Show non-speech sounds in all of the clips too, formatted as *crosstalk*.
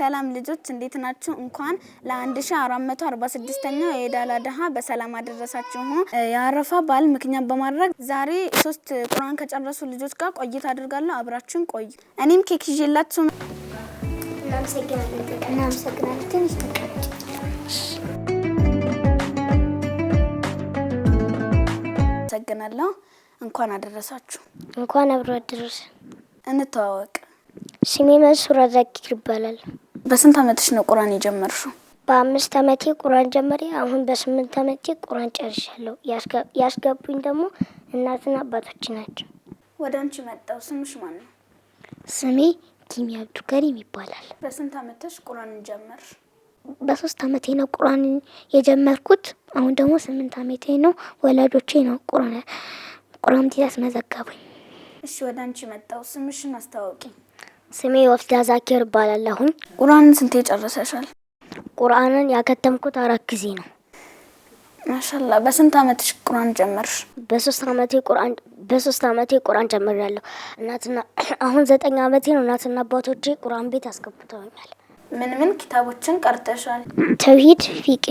ሰላም ልጆች እንዴት ናችሁ? እንኳን ለ1446ኛው የኢድ አል አድሃ በሰላም አደረሳችሁ። የአረፋ በዓል ምክንያት በማድረግ ዛሬ ሶስት ቁርአን ከጨረሱ ልጆች ጋር ቆይታ አድርጋለሁ። አብራችሁን ቆዩ። እኔም ኬክ ይዤላችሁ። አመሰግናለሁ። እንኳን አደረሳችሁ። እንኳን አብሮ አደረሰ። እንተዋወቅ። ስሜ መንሱር አዛኪር ይባላል። በስንት አመትሽ ነው ቁራን የጀመርሽው? በአምስት አመቴ ቁራን ጀመሬ። አሁን በስምንት አመቴ ቁራን ጨርሻለሁ። ያስገቡኝ ደግሞ እናትና አባቶች ናቸው። ወደ አንቺ መጣው። ስምሽ ማን ነው? ስሜ ኪሚ አብዱከሪም ይባላል። በስንት አመትሽ ቁራን ጀመርሽ? በሶስት አመቴ ነው ቁራን የጀመርኩት። አሁን ደግሞ ስምንት አመቴ ነው። ወላጆቼ ነው ቁራን ቁራን ያስመዘገቡኝ። እሺ፣ ወደ አንቺ መጣው። ስምሽን አስታወቂኝ። ስሜ ወፍዳ ዛኪር እባላለሁኝ። ቁርአንን ስንቴ ጨርሰሻል? ቁርአንን ያከተምኩት አራት ጊዜ ነው። ማሻላ። በስንት አመትሽ ቁርአን ጀመርሽ? በሶስት አመቴ ቁርአን በሶስት አመቴ ቁርአን ጀምሬያለሁ። እናትና *clears throat* አሁን ዘጠኝ አመቴ ነው። እናትና አባቶቼ ቁርአን ቤት አስገብተውኛል። ምን ምን ኪታቦችን ቀርተሻል? ተውሂድ፣ ፊቄ።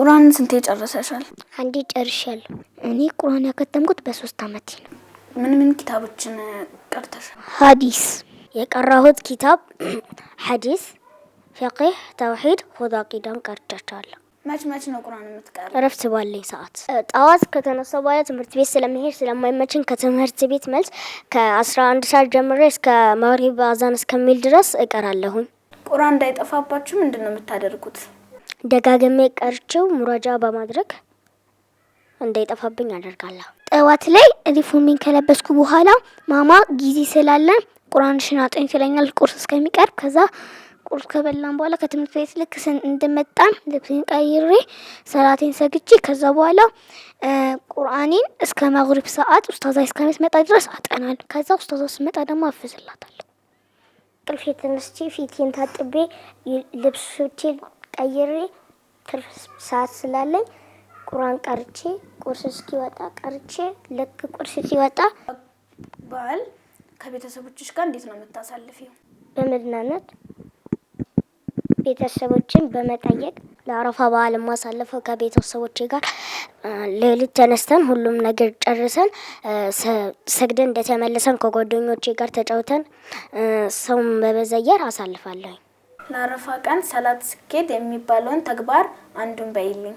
ቁርአንን ስንቴ ጨርሰሻል? አንዴ ጨርሻለሁ። እኔ ቁርአን ያከተምኩት በሶስት አመቴ ነው። ምን ምን ኪታቦችን ቀርተሻል? ሀዲስ የቀራሁት ኪታብ ሀዲስ፣ *clears throat* ፈቂህ፣ ተውሂድ፣ ሁዳ ቂዳን ቀርቻቸዋለሁ። መች መች ነው ቁርአን የምትቀር? እረፍት ባለኝ ሰዓት ጠዋት ከተነሳ በኋላ ትምህርት ቤት ስለመሄድ ስለማይመችን ከትምህርት ቤት መልስ ከአስራ አንድ ሰዓት ጀምሬ እስከ መግሪብ አዛን እስከሚል ድረስ እቀራለሁኝ። ቁርአን እንዳይጠፋባችሁ ምንድን ነው የምታደርጉት? ደጋግሜ ቀርቼው ሙራጃ በማድረግ እንዳይጠፋብኝ አደርጋለሁ። ጠዋት ላይ ሪፎርሜን ከለበስኩ በኋላ ማማ ጊዜ ስላለን ቁርአንሽን አጥኝ ትለኛለች፣ ቁርስ እስከሚቀርብ። ከዛ ቁርስ ከበላን በኋላ ከትምህርት ቤት ልክ ስን እንደመጣን ልብሴን ቀይሬ ሰላቴን ሰግቼ ከዛ በኋላ ቁርአኔን እስከ መግሪብ ሰዓት ኡስታዛ እስከምትመጣ ድረስ አጠናል። ከዛ ኡስታዛ ስመጣ ደግሞ አፍዝላታለሁ። ቅልፌ ተነስቼ ፊቴን ታጥቤ ልብሶቼን ቀይሬ ትርፍ ሰዓት ስላለኝ ቁርአን ቀርቼ ቁርስ እስኪወጣ ቀርቼ ልክ ቁርስ ሲወጣ በዓል ከቤተሰቦችሽ ጋር እንዴት ነው የምታሳልፊው? በመዝናናት ቤተሰቦችን በመጠየቅ ለአረፋ በዓል የማሳልፈው ከቤተሰቦች ጋር ሌሊት ተነስተን ሁሉም ነገር ጨርሰን ሰግደን እንደተመለሰን ከጓደኞቼ ጋር ተጫውተን ሰውን በበዘየር አሳልፋለሁ። ለአረፋ ቀን ሰላት ስኬድ የሚባለውን ተግባር አንዱን በይልኝ።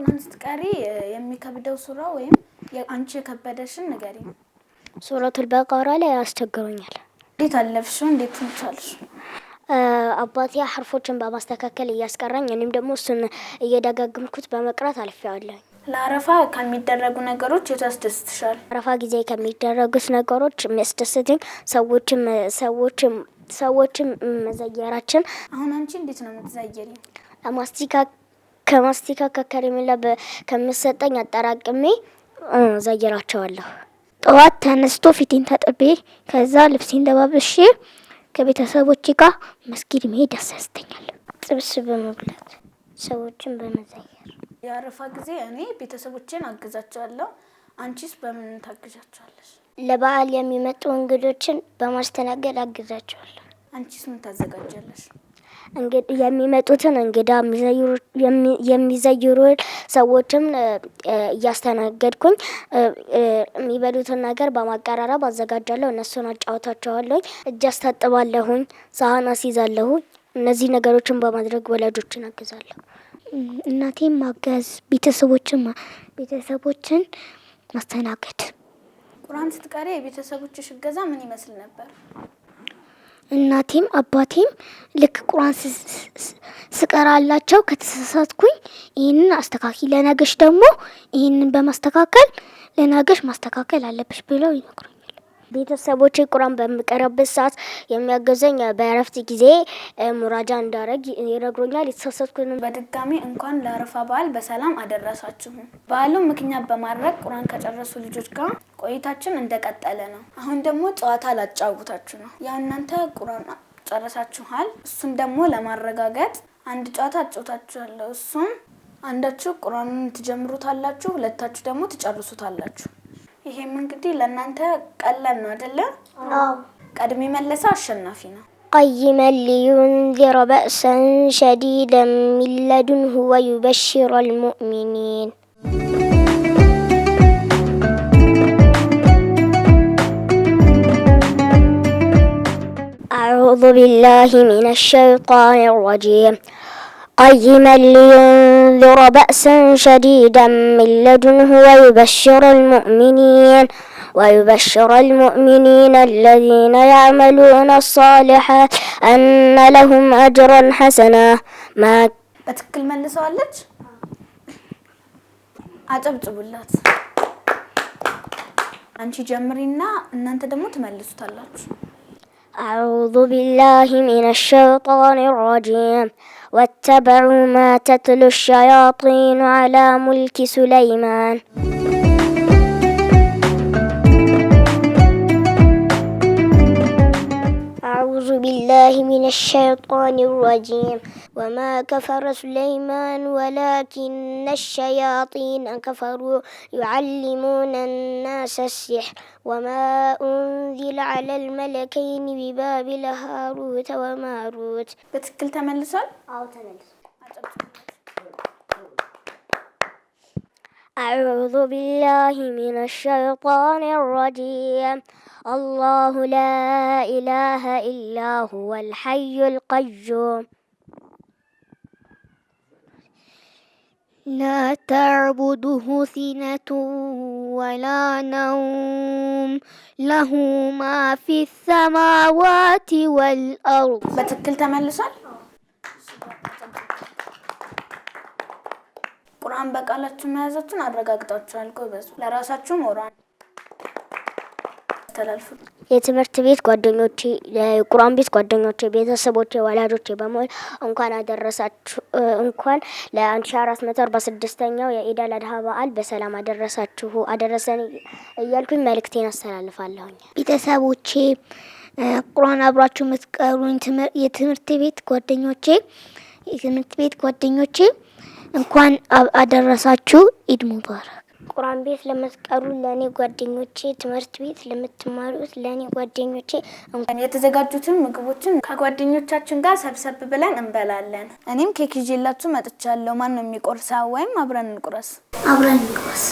ራቁን ስትቀሪ የሚከብደው ሱራ ወይም አንቺ የከበደሽን ንገሪ። ሱረቱል በቀራ ላይ አስቸግሮኛል። እንዴት አለፍሽው? እንዴት ትንቻልሽ? አባቴ ሐርፎችን በማስተካከል እያስቀራኝ እኔም ደግሞ እሱን እየደጋግምኩት በመቅራት አልፌዋለሁ። ለአረፋ ከሚደረጉ ነገሮች የቱ ያስደስትሻል? አረፋ ጊዜ ከሚደረጉት ነገሮች የሚያስደስትኝ ሰዎችም ሰዎችም ሰዎችም መዘየራችን። አሁን አንቺ እንዴት ነው የምትዘየሪ? ለማስቲካ ከማስቲካ ከከረሜላ ከምሰጠኝ አጠራቅሜ ዘየራቸዋለሁ። ጠዋት ተነስቶ ፊቴን ታጥቤ ከዛ ልብሴን ለባብሼ ከቤተሰቦቼ ጋር መስጊድ መሄድ ያሳስተኛል። ጥብስ በመብላት ሰዎችን በመዘየር የአረፋ ጊዜ እኔ ቤተሰቦቼን አግዛቸዋለሁ። አንቺስ በምን ታግዣቸዋለሽ? ለበዓል የሚመጡ እንግዶችን በማስተናገድ አግዛቸዋለሁ። አንቺስ ምን ታዘጋጃለሽ? የሚመጡትን እንግዳ የሚዘይሩን ሰዎችም እያስተናገድኩኝ የሚበሉትን ነገር በማቀራረብ አዘጋጃለሁ። እነሱን አጫወታቸዋለሁኝ። እጅ አስታጥባለሁኝ፣ ሳህን አስይዛለሁኝ። እነዚህ ነገሮችን በማድረግ ወላጆችን አግዛለሁ። እናቴን ማገዝ፣ ቤተሰቦችን ቤተሰቦችን ማስተናገድ። ቁርአን ስትቀሪ የቤተሰቦችሽ እገዛ ምን ይመስል ነበር? እናቴም አባቴም ልክ ቁርአን ስቀራላቸው ከተሳሳትኩኝ ይህንን አስተካኪ፣ ለነገሽ ደግሞ ይህንን በማስተካከል ለነገሽ ማስተካከል አለብሽ ብለው ይነግሩኝ። ቤተሰቦች ቁራን በምቀረበት ሰዓት የሚያገዘኝ በእረፍት ጊዜ ሙራጃ እንዳረግ ይነግሮኛል። የተሰሰብኩን በድጋሚ እንኳን ለአረፋ በዓል በሰላም አደረሳችሁ። በዓሉን ምክንያት በማድረግ ቁራን ከጨረሱ ልጆች ጋር ቆይታችን እንደቀጠለ ነው። አሁን ደግሞ ጨዋታ ላጫውታችሁ ነው። ያው እናንተ ቁራን ጨረሳችኋል። እሱን ደግሞ ለማረጋገጥ አንድ ጨዋታ አጫውታችኋለሁ። እሱም አንዳችሁ ቁርአኑን ትጀምሩታላችሁ፣ ሁለታችሁ ደግሞ ትጨርሱታላችሁ። ይሄም እንግዲህ ለእናንተ ቀላል ነው አይደለ? ቀድሜ መለሰ አሸናፊ ነው። قيما لينذر بأسا شديدا من لدنه ويبشر المؤمنين أعوذ بالله من الشيطان الرجيم قيما لينذر ينذر بأسا شديدا من لدنه ويبشر المؤمنين ويبشر المؤمنين الذين يعملون الصالحات أن لهم أجرا حسنا ما بتكل من سؤالك አጨብጭቡላት። أن أنت እናንተ ደግሞ ትመልሱታላችሁ። أعوذ بالله من الشيطان الرجيم واتبعوا ما تتلو الشياطين على ملك سليمان بالله من الشيطان الرجيم وما كفر سليمان ولكن الشياطين كفروا يعلمون الناس السحر وما أنزل على الملكين ببابل هاروت وماروت بتكل تملسل؟ أو تملسل أعوذ بالله من الشيطان الرجيم الله لا إله إلا هو الحي القيوم لا تعبده سنة ولا نوم له ما في السماوات والأرض بتكل تعمل لسان؟ ቁርአን በቃላችሁ መያዛችሁን አረጋግጣችኋል። ጎበዝ። ለራሳችሁ موران የምታስተላልፉት? የትምህርት ቤት ጓደኞቼ፣ የቁርአን ቤት ጓደኞቼ፣ ቤተሰቦቼ፣ ወላጆቼ በመሆን እንኳን አደረሳችሁ እንኳን ለ1446ኛው የኢድ አል አድሃ በዓል በሰላም አደረሳችሁ አደረሰን እያልኩኝ መልእክቴን አስተላልፋለሁኝ። ቤተሰቦቼ፣ ቁርአን አብራችሁ የምትቀሩኝ የትምህርት ቤት ጓደኞቼ የትምህርት ቤት ጓደኞቼ እንኳን አደረሳችሁ ኢድ ሙባረክ። ቁርአን ቤት ለመስቀሩ ለእኔ ጓደኞቼ፣ ትምህርት ቤት ለምትማሩት ለእኔ ጓደኞቼ እንኳን የተዘጋጁትን ምግቦችን ከጓደኞቻችን ጋር ሰብሰብ ብለን እንበላለን። እኔም ኬክ ይዤላችሁ መጥቻለሁ። ማን ነው የሚቆርሰው? ወይም አብረን እንቁረስ፣ አብረን እንቁረስ።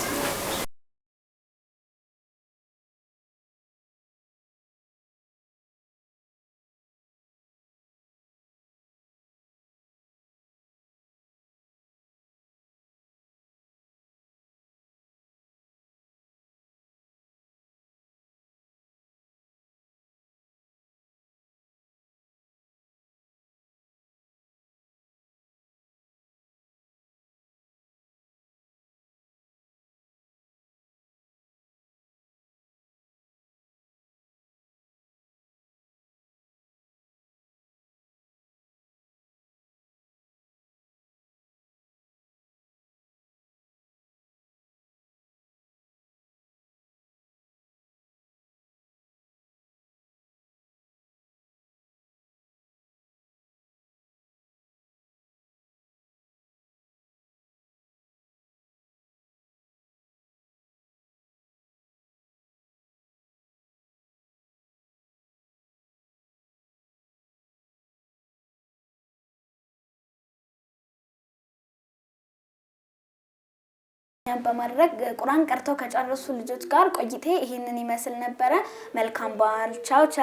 በማድረግ ቁርአን ቀርተው ከጨረሱ ልጆች ጋር ቆይቴ ይህንን ይመስል ነበረ። መልካም በዓል። ቻው ቻው።